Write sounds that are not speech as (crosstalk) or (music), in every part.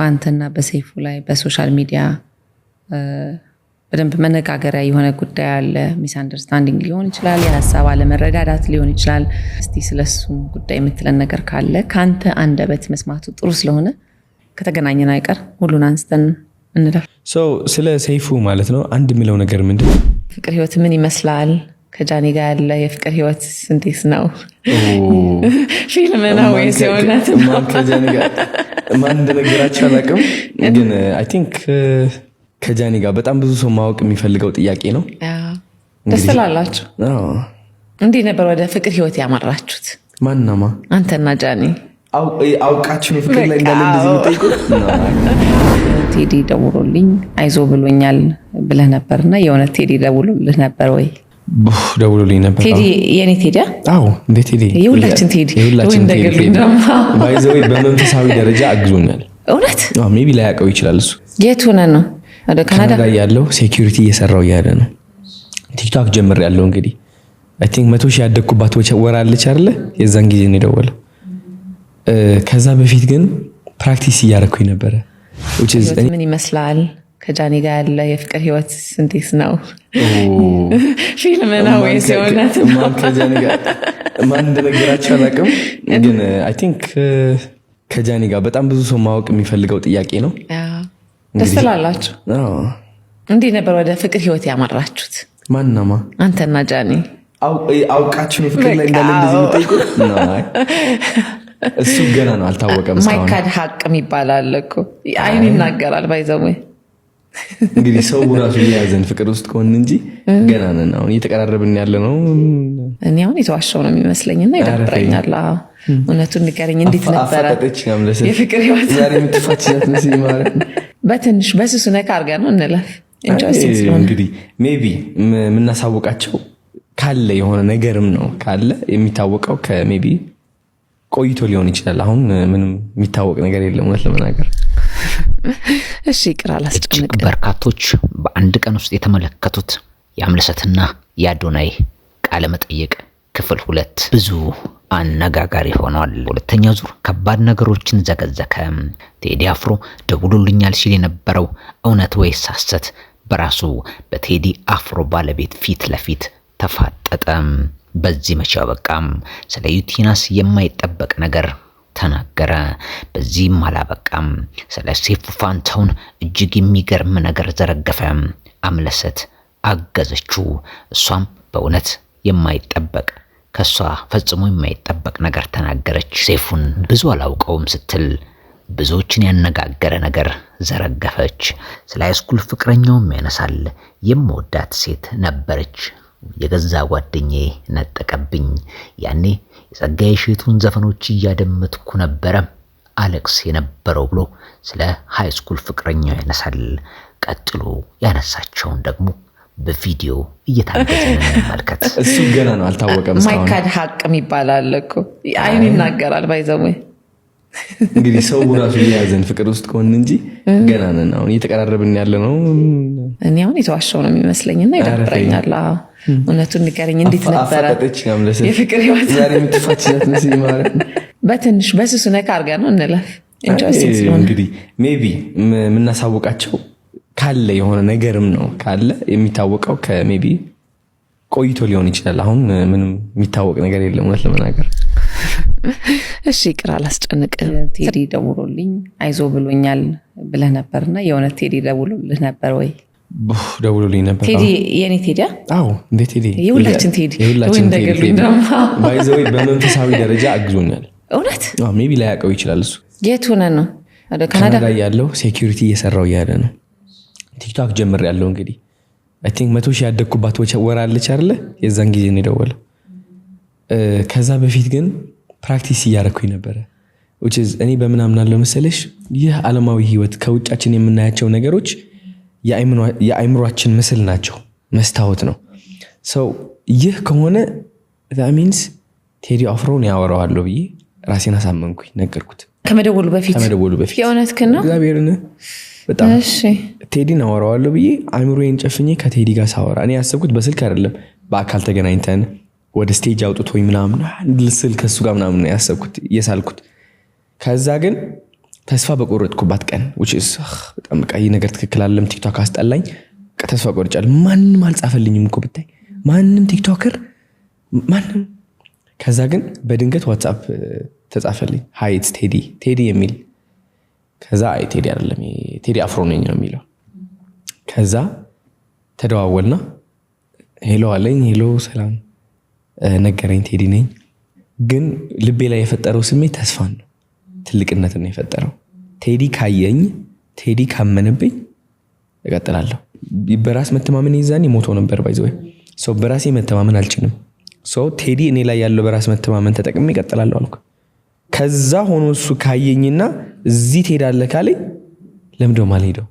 በአንተና በሰይፉ ላይ በሶሻል ሚዲያ በደንብ መነጋገሪያ የሆነ ጉዳይ አለ። ሚስ አንደርስታንዲንግ ሊሆን ይችላል፣ የሀሳብ አለመረዳዳት ሊሆን ይችላል። እስቲ ስለሱም ጉዳይ የምትለን ነገር ካለ ከአንተ አንደበት መስማቱ ጥሩ ስለሆነ ከተገናኘን አይቀር ሁሉን አንስተን እንለፍ። ስለ ሰይፉ ማለት ነው አንድ የሚለው ነገር ምንድን ፍቅር ህይወት ምን ይመስላል? ከጃኒ ጋር ያለ የፍቅር ህይወት እንዴት ነው? (laughs) ፊልም ነው ወይስ የእውነት ነው? ማን እንደነገራቸው አላውቅም፣ ግን አይ ቲንክ ከጃኒ ጋር በጣም ብዙ ሰው ማወቅ የሚፈልገው ጥያቄ ነው። ደስ ላላችሁ እንዲህ ነበር ወደ ፍቅር ህይወት ያመራችሁት? ማናማ አንተና ጃኒ አውቃችሁ ነው ፍቅር ላይ እንዳለ እንደዚህ የምጠይቁ (laughs) ቴዲ ደውሎልኝ አይዞ ብሎኛል ብለህ ነበርና የእውነት ቴዲ ደውሎልህ ነበር ወይ? ደውሎልኝ ነበር። ቴዲ የኔ ቴዲ? አዎ እንዴ ቴዲ፣ የሁላችን ቴዲ፣ የሁላችን ቴዲ ባይዘዌ በመንፈሳዊ ደረጃ አግዞኛል። እውነት ሜይ ቢ ላያውቀው ይችላል። እሱ የት ሆነ ነው? ወደ ካናዳ ያለው ሴኪሪቲ እየሰራው እያለ ነው። ቲክቶክ ጀምር ያለው እንግዲህ አይ ቲንክ መቶ ሺህ ያደግኩባት ወር አለች አይደለ? የዛን ጊዜ ነው የደወለው። ከዛ በፊት ግን ፕራክቲስ እያደረኩኝ ነበረ። ምን ይመስላል ከጃኒ ጋር ያለ የፍቅር ህይወት እንዴት ነው? (laughs) ፊልም ነው ወይስ የእውነት ነው? ማን እንደነገራቸው አላውቅም፣ (laughs) ግን አይ ቲንክ ከጃኒ ጋር በጣም ብዙ ሰው ማወቅ የሚፈልገው ጥያቄ ነው። ደስ ላላችሁ እንዲህ ነበር ወደ ፍቅር ህይወት ያመራችሁት? ማናማ አንተና ጃኒ አውቃችሁ የፍቅር ላይ እንዳለ እንደዚህ የምጠይቁ (laughs) እሱ ገና ነው አልታወቀም። ማይካድ ሀቅ የሚባል እኮ አይን ይናገራል ባይዘሙ እንግዲህ ሰው ራሱ የያዘን ፍቅር ውስጥ ከሆን እንጂ ገና ነን። አሁን እየተቀራረብን ያለ ነው። እኔ አሁን የተዋሸው ነው የሚመስለኝ እና ይዳብረኛል። እውነቱን ንገረኝ፣ እንዴት ነበረ የፍቅር ህይወት? በትንሽ በስሱ ነካ አድርጋ ነው እንለፍ። እንግዲህ ሜይ ቢ የምናሳውቃቸው ካለ የሆነ ነገርም ነው ካለ የሚታወቀው ከሜይ ቢ ቆይቶ ሊሆን ይችላል። አሁን ምንም የሚታወቅ ነገር የለም እውነት ለመናገር እሺ ቅር አላስጨንቅ። በርካቶች በአንድ ቀን ውስጥ የተመለከቱት የአምልሰትና የአዶናይ ቃለ መጠየቅ ክፍል ሁለት ብዙ አነጋጋሪ ሆኗል። ሁለተኛ ዙር ከባድ ነገሮችን ዘገዘከ። ቴዲ አፍሮ ደውሎልኛል ሲል የነበረው እውነት ወይስ ሐሰት በራሱ በቴዲ አፍሮ ባለቤት ፊት ለፊት ተፋጠጠ። በዚህ መቼ በቃም። ስለ ዩቲናስ የማይጠበቅ ነገር ተናገረ። በዚህም አላበቃም። ስለ ሰይፉ ፋንታውን እጅግ የሚገርም ነገር ዘረገፈ። አምለሰት አገዘችው። እሷም በእውነት የማይጠበቅ ከሷ ፈጽሞ የማይጠበቅ ነገር ተናገረች። ሴፉን ብዙ አላውቀውም ስትል ብዙዎችን ያነጋገረ ነገር ዘረገፈች። ስለ ሃይስኩል ፍቅረኛውም ያነሳል። የምወዳት ሴት ነበረች የገዛ ጓደኛዬ ነጠቀብኝ። ያኔ የጸጋዬ እሸቱን ዘፈኖች እያደመጥኩ ነበረ አለቅስ የነበረው ብሎ ስለ ሃይስኩል ፍቅረኛው ያነሳል። ቀጥሎ ያነሳቸውን ደግሞ በቪዲዮ እየታገዘ እንመልከት። እሱ ገና ነው አልታወቀም። ማይካድ ሀቅም ይባላል እኮ አይን ይናገራል ባይዘሙ እንግዲህ ሰው ራሱ የያዘን ፍቅር ውስጥ ከሆን እንጂ ገና ነን። አሁን እየተቀራረብን ያለ ነው። እኔ አሁን የተዋሸው ነው የሚመስለኝ እና ይደብረኛል። እውነቱን ንገረኝ፣ እንዴት ነበረ የፍቅር ህይወት? በትንሽ በስሱ ነካ አድርጋ ነው እንለፍ። እንግዲህ ሜይ ቢ የምናሳውቃቸው ካለ የሆነ ነገርም ነው ካለ የሚታወቀው ከሜይ ቢ ቆይቶ ሊሆን ይችላል። አሁን ምንም የሚታወቅ ነገር የለም እውነት ለመናገር እሺ ቅር አላስጨንቅም። ቴዲ ደውሎልኝ አይዞ ብሎኛል ብለህ ነበርና የእውነት ቴዲ ደውሎልህ ነበር ወይ? ደውሎልኝ ነበር። ቴዲ የኔ ቴዲ? አዎ፣ እንደ ቴዲ የሁላችን ቴዲ ባይዘወይ በመንፈሳዊ ደረጃ አግዞኛል። እውነት ሜይ ቢ ላያውቀው ይችላል። እሱ የት ሆነ ነው? ካናዳ ያለው ሴኪሪቲ እየሰራው እያለ ነው። ቲክቶክ ጀምር ያለው እንግዲህ አይ ቲንክ መቶ ሺህ ያደግኩባት ወራ አለች የዛን ጊዜ ነው የደወለው። ከዛ በፊት ግን ፕራክቲስ እያደረኩኝ ነበረ። እኔ በምን አምናለሁ መሰለሽ፣ ይህ ዓለማዊ ህይወት ከውጫችን የምናያቸው ነገሮች የአይምሯችን ምስል ናቸው፣ መስታወት ነው። ሰው ይህ ከሆነ ሚንስ ቴዲ አፍሮን ያወራዋለሁ ብዬ ራሴን አሳመንኩኝ፣ ነገርኩት ከመደወሉ በፊት ከመደወሉ በፊት ነው እግዚአብሔርን በጣም ቴዲን አወራዋለሁ ብዬ አእምሮዬን ጨፍኜ ከቴዲ ጋር ሳወራ እኔ ያሰብኩት በስልክ አይደለም፣ በአካል ተገናኝተን ወደ ስቴጅ አውጥቶኝ ምናምን ልስል ከሱ ጋር ምናምን ያሰብኩት የሳልኩት። ከዛ ግን ተስፋ በቆረጥኩባት ቀን በጣም በቃ ነገር ትክክል አለም፣ ቲክቶክ አስጠላኝ፣ ተስፋ ቆርጫል ማንም አልጻፈልኝም እኮ ብታይ፣ ማንም ቲክቶክር ማንም። ከዛ ግን በድንገት ዋትሳፕ ተጻፈልኝ፣ ሀይት ቴዲ ቴዲ የሚል ከዛ አይ ቴዲ አይደለም ቴዲ አፍሮ ነኝ ነው የሚለው። ከዛ ተደዋወልና ሄሎ አለኝ። ሄሎ ሰላም ነገረኝ ቴዲ ነኝ። ግን ልቤ ላይ የፈጠረው ስሜት ተስፋን ነው፣ ትልቅነትን ነው የፈጠረው። ቴዲ ካየኝ፣ ቴዲ ካመነብኝ እቀጥላለሁ። በራስ መተማመን ይዛን ሞቶ ነበር ባይዘ ሰው በራሴ መተማመን አልችልም። ሰው ቴዲ እኔ ላይ ያለው በራስ መተማመን ተጠቅሜ እቀጥላለሁ አልኩ። ከዛ ሆኖ እሱ ካየኝና እዚህ ትሄዳለህ ካለኝ ለምደው ማልሄደው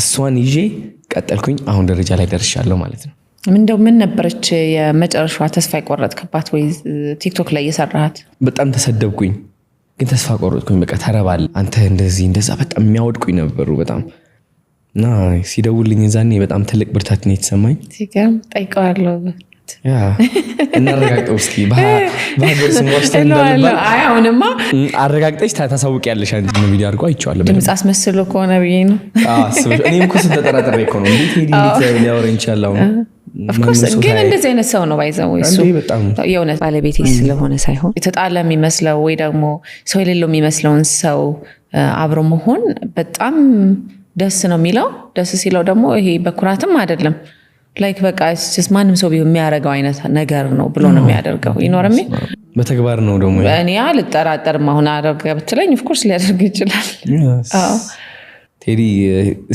እሷን ይዤ ቀጠልኩኝ። አሁን ደረጃ ላይ ደርሻለሁ ማለት ነው። እንደው ምን ነበረች የመጨረሻዋ ተስፋ የቆረጥክባት ወይ ቲክቶክ ላይ የሰራሃት? በጣም ተሰደብኩኝ፣ ግን ተስፋ ቆረጥኩኝ። በቃ ተረባል አንተ እንደዚህ እንደዛ በጣም የሚያወድቁኝ ነበሩ በጣም እና ሲደውልኝ ዛኔ በጣም ትልቅ ብርታት ነው የተሰማኝ። ጠይቀዋለሁ እናረጋግጠው እስኪ በሀገር ስም ዋሽተን አሁንማ አረጋግጠሽ ታሳውቂያለሽ። ቪዲዮ አድርጎ አይቼዋለሁ። ድምፅ አስመስሎ ከሆነ ብዬ ነው እኔም ኮስ ስንተጠራጠሬ ነው እንዴት ሄድ ሊያወረ ሊያወራ ይችላል ግን እንደዚህ አይነት ሰው ነው ባይዘው የእውነት ባለቤቴ ስለሆነ ሳይሆን የተጣለ የሚመስለው ወይ ደግሞ ሰው የሌለው የሚመስለውን ሰው አብሮ መሆን በጣም ደስ ነው የሚለው። ደስ ሲለው ደግሞ ይሄ በኩራትም አይደለም ላይክ በቃ ማንም ሰው የሚያደርገው አይነት ነገር ነው ብሎ ነው የሚያደርገው። ይኖርሜ በተግባር ነው ደግሞ እኔ አልጠራጠርም። አሁን አደርገ ብትለኝ ኦፍኮርስ ሊያደርግ ይችላል። ቴዲ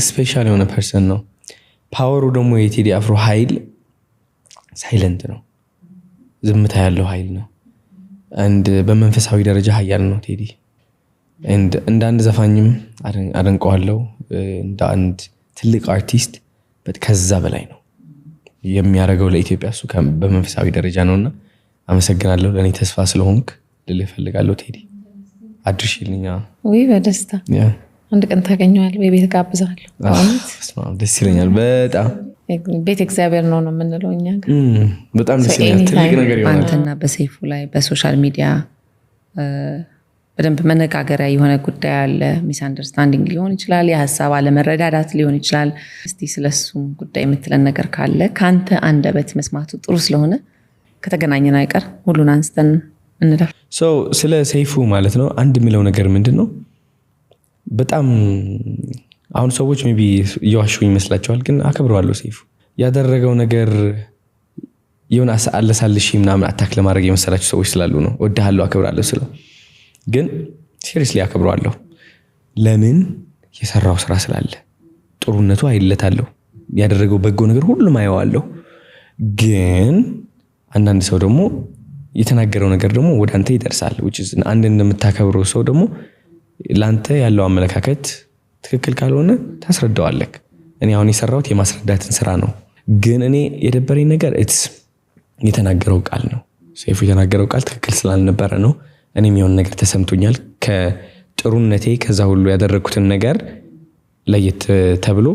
ስፔሻል የሆነ ፐርሰን ነው ፓወሩ ደግሞ የቴዲ አፍሮ ኃይል ሳይለንት ነው። ዝምታ ያለው ኃይል ነው። አንድ በመንፈሳዊ ደረጃ ሀያል ነው ቴዲ። እንደ አንድ ዘፋኝም አደንቀዋለው። እንደ አንድ ትልቅ አርቲስት ከዛ በላይ ነው የሚያደርገው ለኢትዮጵያ እሱ በመንፈሳዊ ደረጃ ነውና አመሰግናለሁ። ለእኔ ተስፋ ስለሆንክ ልልህ እፈልጋለሁ ቴዲ አድርሽልኛ። ውይ በደስታ አንድ ቀን ታገኘዋለህ። ቤት ጋብዛለሁ። ደስ ይለኛል በጣም ቤት እግዚአብሔር ነው ነው የምንለው እኛ በጣም ደስ ይለኛል። ትልቅ ነገር ይሆናል። አንተና በሰይፉ ላይ በሶሻል ሚዲያ በደንብ መነጋገሪያ የሆነ ጉዳይ አለ። ሚስ አንደርስታንዲንግ ሊሆን ይችላል፣ የሀሳብ አለመረዳዳት ሊሆን ይችላል። እስቲ ስለሱም ጉዳይ የምትለን ነገር ካለ ከአንተ አንደበት መስማቱ ጥሩ ስለሆነ ከተገናኘን አይቀር ሁሉን አንስተን እንለፍ። ስለ ሰይፉ ማለት ነው አንድ የሚለው ነገር ምንድን ነው በጣም አሁን ሰዎች ሜይ ቢ እየዋሹ ይመስላቸዋል፣ ግን አከብረዋለሁ። ሴፍ ያደረገው ነገር የሆነ አለሳልሽ ምናምን አታክ ለማድረግ የመሰላቸው ሰዎች ስላሉ ነው። ወድሃለሁ፣ አከብራለሁ ስለው ግን ሲሪየስሊ አከብረዋለሁ። ለምን የሰራው ስራ ስላለ ጥሩነቱ አይለታለሁ። ያደረገው በጎ ነገር ሁሉም አየዋለሁ። ግን አንዳንድ ሰው ደግሞ የተናገረው ነገር ደግሞ ወደ አንተ ይደርሳል። አንድ እንደምታከብረው ሰው ደግሞ ለአንተ ያለው አመለካከት ትክክል ካልሆነ ታስረዳዋለክ። እኔ አሁን የሰራሁት የማስረዳትን ስራ ነው። ግን እኔ የደበረኝ ነገር እትስ የተናገረው ቃል ነው። ሰይፉ የተናገረው ቃል ትክክል ስላልነበረ ነው። እኔም የሆነ ነገር ተሰምቶኛል። ከጥሩነቴ ከዛ ሁሉ ያደረግኩትን ነገር ለየት ተብሎ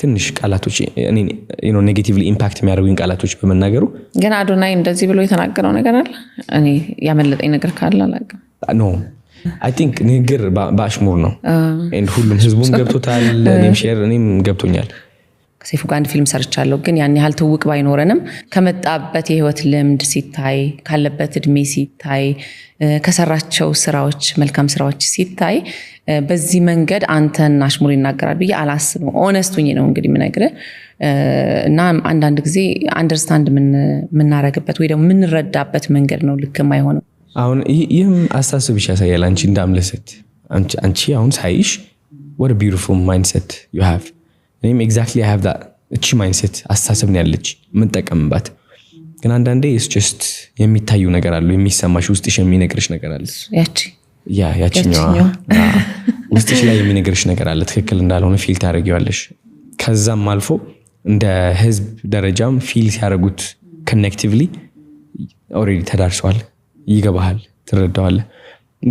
ትንሽ ቃላቶች ኔጌቲቭሊ ኢምፓክት የሚያደርጉኝ ቃላቶች በመናገሩ ግን አዶናይ እንደዚህ ብሎ የተናገረው ነገር አለ። እኔ ያመለጠኝ ነገር ካለ አላውቅም። አይ ቲንክ ንግግር በአሽሙር ነው። ሁሉም ህዝቡም ገብቶታል፣ እኔም ሼር እኔም ገብቶኛል። ከሰይፉ ጋር አንድ ፊልም ሰርቻለሁ፣ ግን ያን ያህል ትውቅ ባይኖረንም ከመጣበት የህይወት ልምድ ሲታይ፣ ካለበት እድሜ ሲታይ፣ ከሰራቸው ስራዎች መልካም ስራዎች ሲታይ በዚህ መንገድ አንተን አሽሙር ይናገራል ብዬ አላስብም። ኦነስቱኝ ነው እንግዲህ የምነግርህ እና አንዳንድ ጊዜ አንደርስታንድ የምናረግበት ወይ ደግሞ የምንረዳበት መንገድ ነው ልክ የማይሆነው አሁን ይህም አስተሳሰብ ያሳያል። አንቺ እንዳምለሰት አንቺ አሁን ሳይሽ ወደ ቢዩቲፉል ማይንድሴት ዩ ሃቭ እኔም ኤግዛክትሊ ሃቭ ዳ እቺ ማይንድሴት አስተሳሰብ ነው ያለች የምንጠቀምባት። ግን አንዳንዴ ስ ጀስት የሚታዩ ነገር አሉ፣ የሚሰማሽ ውስጥሽ የሚነግርሽ ነገር አለ። ያ ያችኛዋ ውስጥሽ ላይ የሚነግርሽ ነገር አለ፣ ትክክል እንዳልሆነ ፊል ታደርጊዋለሽ። ከዛም አልፎ እንደ ህዝብ ደረጃም ፊል ሲያደርጉት ኮኔክቲቭሊ ኦልሬዲ ተዳርሰዋል። ይገባሃል፣ ትረዳዋለህ።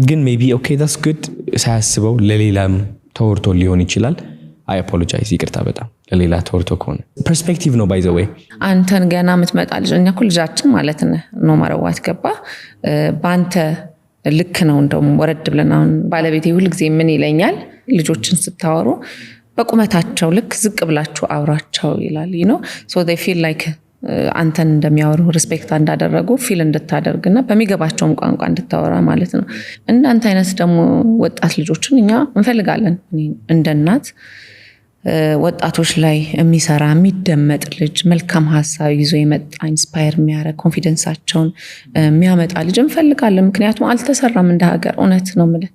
ግን ሜቢ ኦኬ ዳስ ጉድ ሳያስበው ለሌላም ተወርቶ ሊሆን ይችላል። አይ አፖሎጃይዝ፣ ይቅርታ በጣም ለሌላ ተወርቶ ከሆነ ፐርስፔክቲቭ ነው። ባይዘ ወይ አንተን ገና የምትመጣ ልጅ እኛ እኮ ልጃችን ማለት ነው። መረዋት ገባ በአንተ ልክ ነው። እንደውም ወረድ ብለን አሁን ባለቤቴ ሁልጊዜ ምን ይለኛል፣ ልጆችን ስታወሩ በቁመታቸው ልክ ዝቅ ብላችሁ አብራቸው ይላል ነው ፊል ላይክ አንተን እንደሚያወሩ ሪስፔክት እንዳደረጉ ፊል እንድታደርግ እና በሚገባቸውም ቋንቋ እንድታወራ ማለት ነው። እናንተ አይነት ደግሞ ወጣት ልጆችን እኛ እንፈልጋለን። እንደ እናት ወጣቶች ላይ የሚሰራ የሚደመጥ ልጅ፣ መልካም ሀሳብ ይዞ የመጣ ኢንስፓየር የሚያደርግ ኮንፊደንሳቸውን የሚያመጣ ልጅ እንፈልጋለን። ምክንያቱም አልተሰራም እንደ ሀገር። እውነት ነው የምልህ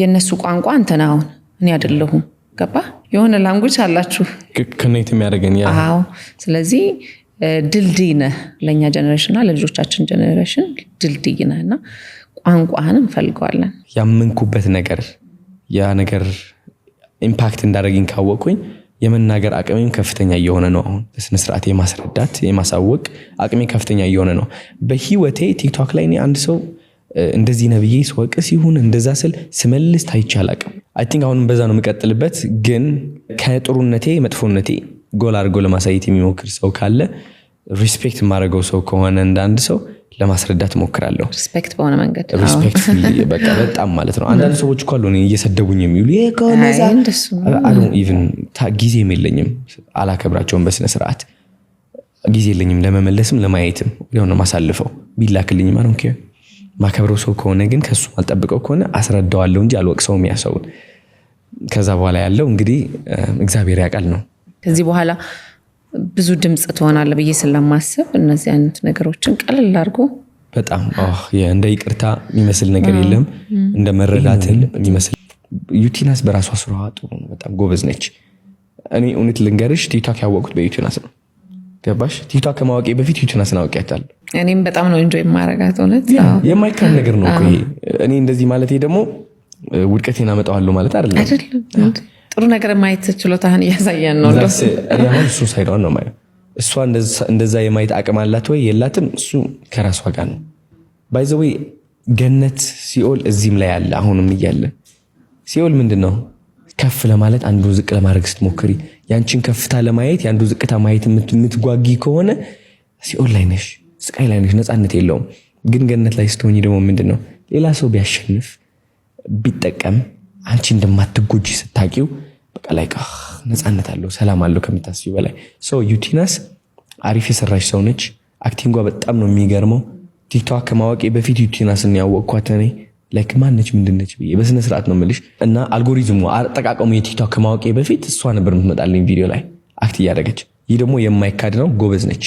የእነሱ ቋንቋ አንተን አሁን እኔ አይደለሁም ገባ የሆነ ላንጉጅ አላችሁ ከኔት የሚያደርገን ያ። ስለዚህ ድልድይ ነህ ለእኛ ጀኔሬሽን እና ለልጆቻችን ጀኔሬሽን ድልድይ ነህ እና ቋንቋህን እንፈልገዋለን። ያመንኩበት ነገር ያ ነገር ኢምፓክት እንዳደረግኝ ካወቅኩኝ የመናገር አቅሜም ከፍተኛ እየሆነ ነው። አሁን በስነስርዓት የማስረዳት የማሳወቅ አቅሜ ከፍተኛ እየሆነ ነው። በህይወቴ ቲክቶክ ላይ እኔ አንድ ሰው እንደዚህ ነብዬ ስወቅ ሲሆን እንደዛ ስል ስመልስ ታይቼ አላቅም። አይ ቲንክ አሁንም በዛ ነው የምቀጥልበት። ግን ከጥሩነቴ መጥፎነቴ ጎል አድርጎ ለማሳየት የሚሞክር ሰው ካለ ሪስፔክት የማደርገው ሰው ከሆነ እንዳንድ ሰው ለማስረዳት እሞክራለሁ። ሪስፔክት በሆነ መንገድ ሪስፔክት (laughs) በቃ በጣም ማለት ነው። አንዳንድ ሰዎች እኮ አሉ እየሰደቡኝ የሚሉ ኢቭን ጊዜም የለኝም አላከብራቸውን በስነ ስርዓት ጊዜ የለኝም ለመመለስም ለማየትም ሆነ ማሳልፈው ቢላክልኝም አለ ማከብረው ሰው ከሆነ ግን ከሱ አልጠብቀው ከሆነ አስረዳዋለሁ እንጂ አልወቅሰውም ያሰውን ከዛ በኋላ ያለው እንግዲህ እግዚአብሔር ያውቃል ነው ከዚህ በኋላ ብዙ ድምፅ ትሆናለ ብዬ ስለማስብ እነዚህ አይነት ነገሮችን ቀለል አድርጎ በጣም እንደ ይቅርታ የሚመስል ነገር የለም፣ እንደ መረዳትን የሚመስል ዩቲናስ በራሷ ስራ ጥሩ ነው። በጣም ጎበዝ ነች። እኔ እውነት ልንገርሽ ቲክቶክ ያወቅሁት በዩቲናስ ነው። ገባሽ? ቲክቶክ ከማወቂ በፊት ዩቲናስን አውቂያታለሁ። እኔም በጣም ነው እንጆ የማረጋት። እውነት የማይካል ነገር ነው። እኔ እንደዚህ ማለት ደግሞ ውድቀቴን አመጣዋለሁ ማለት አይደለም። ጥሩ ነገር ማየት ችሎታህን እያሳየን ነው። ሳይዷን ነው ማየው። እሷ እንደዛ የማየት አቅም አላት ወይ የላትም? እሱ ከራሷ ጋር ነው። ባይዘዌ ገነት ሲኦል እዚህም ላይ አለ፣ አሁንም እያለ ሲኦል ምንድን ነው? ከፍ ለማለት አንዱ ዝቅ ለማድረግ ስትሞክሪ፣ ያንቺን ከፍታ ለማየት የአንዱ ዝቅታ ማየት የምትጓጊ ከሆነ ሲኦል ላይ ነሽ፣ ስቃይ ላይ ነሽ፣ ነፃነት የለውም። ግን ገነት ላይ ስትሆኝ ደግሞ ምንድን ነው ሌላ ሰው ቢያሸንፍ ቢጠቀም አንቺ እንደማትጎጂ ስታቂው በቃ ላይ ነፃነት አለው ሰላም አለው ከምታስቢ በላይ ዩቲናስ አሪፍ የሰራች ሰው ነች። አክቲንጓ በጣም ነው የሚገርመው። ቲክቶክ ከማወቄ በፊት ዩቲናስን ያወቅኳት እኔ ላይክ ማነች ምንድነች ብዬ በስነ ስርዓት ነው የምልሽ። እና አልጎሪዝሙ አጠቃቀሙ የቲክቶክ ከማወቄ በፊት እሷ ነበር የምትመጣልኝ ቪዲዮ ላይ አክት እያደረገች። ይህ ደግሞ የማይካድ ነው፣ ጎበዝ ነች።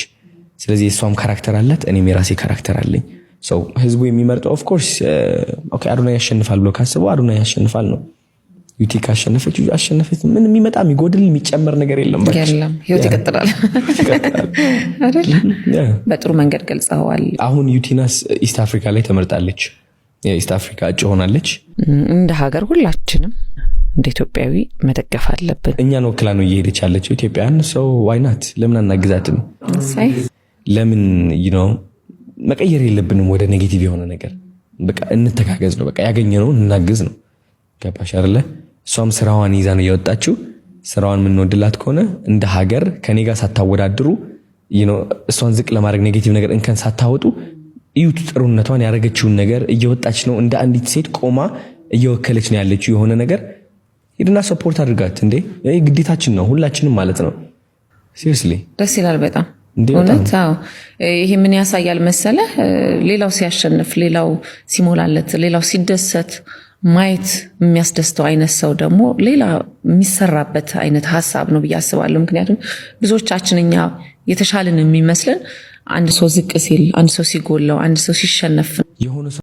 ስለዚህ የእሷም ካራክተር አላት፣ እኔም የራሴ ካራክተር አለኝ። ሰው ህዝቡ የሚመርጠው ኦፍኮርስ uh, አዶናይ ያሸንፋል ብሎ ካስበው አዶናይ ያሸንፋል ነው። ዩቲ ካሸነፈች አሸነፈች። ምን የሚመጣ የሚጎድል የሚጨመር ነገር የለም። ህይወት ይቀጥላል (laughs) በጥሩ መንገድ ገልጸዋል። አሁን ዩቲናስ ኢስት አፍሪካ ላይ ተመርጣለች። የኢስት አፍሪካ እጩ ሆናለች። እንደ ሀገር ሁላችንም እንደ ኢትዮጵያዊ መደገፍ አለብን። እኛን ወክላ ነው እየሄደች ያለችው ኢትዮጵያን ሰው ዋይናት ለምን አናግዛትም? ለምን ነው መቀየር የለብንም ወደ ኔጌቲቭ የሆነ ነገር። በቃ እንተጋገዝ ነው፣ በቃ ያገኘነውን እናግዝ ነው። ገባሽ አይደለ? እሷም ስራዋን ይዛ ነው የወጣችው። ስራዋን የምንወድላት ከሆነ እንደ ሀገር ከኔ ጋር ሳታወዳድሩ እሷን ዝቅ ለማድረግ ኔጌቲቭ ነገር እንከን ሳታወጡ እዩት። ጥሩነቷን ያደረገችውን ነገር እየወጣች ነው እንደ አንዲት ሴት ቆማ እየወከለች ነው ያለችው። የሆነ ነገር ሄድና ሰፖርት አድርጋት እንዴ! ግዴታችን ነው ሁላችንም ማለት ነው። ሲሪየስሊ ደስ ይላል በጣም እውነት ይሄ ምን ያሳያል መሰለህ? ሌላው ሲያሸንፍ፣ ሌላው ሲሞላለት፣ ሌላው ሲደሰት ማየት የሚያስደስተው አይነት ሰው ደግሞ ሌላ የሚሰራበት አይነት ሀሳብ ነው ብዬ አስባለሁ። ምክንያቱም ብዙዎቻችን እኛ የተሻልን የሚመስለን አንድ ሰው ዝቅ ሲል፣ አንድ ሰው ሲጎለው፣ አንድ ሰው ሲሸነፍ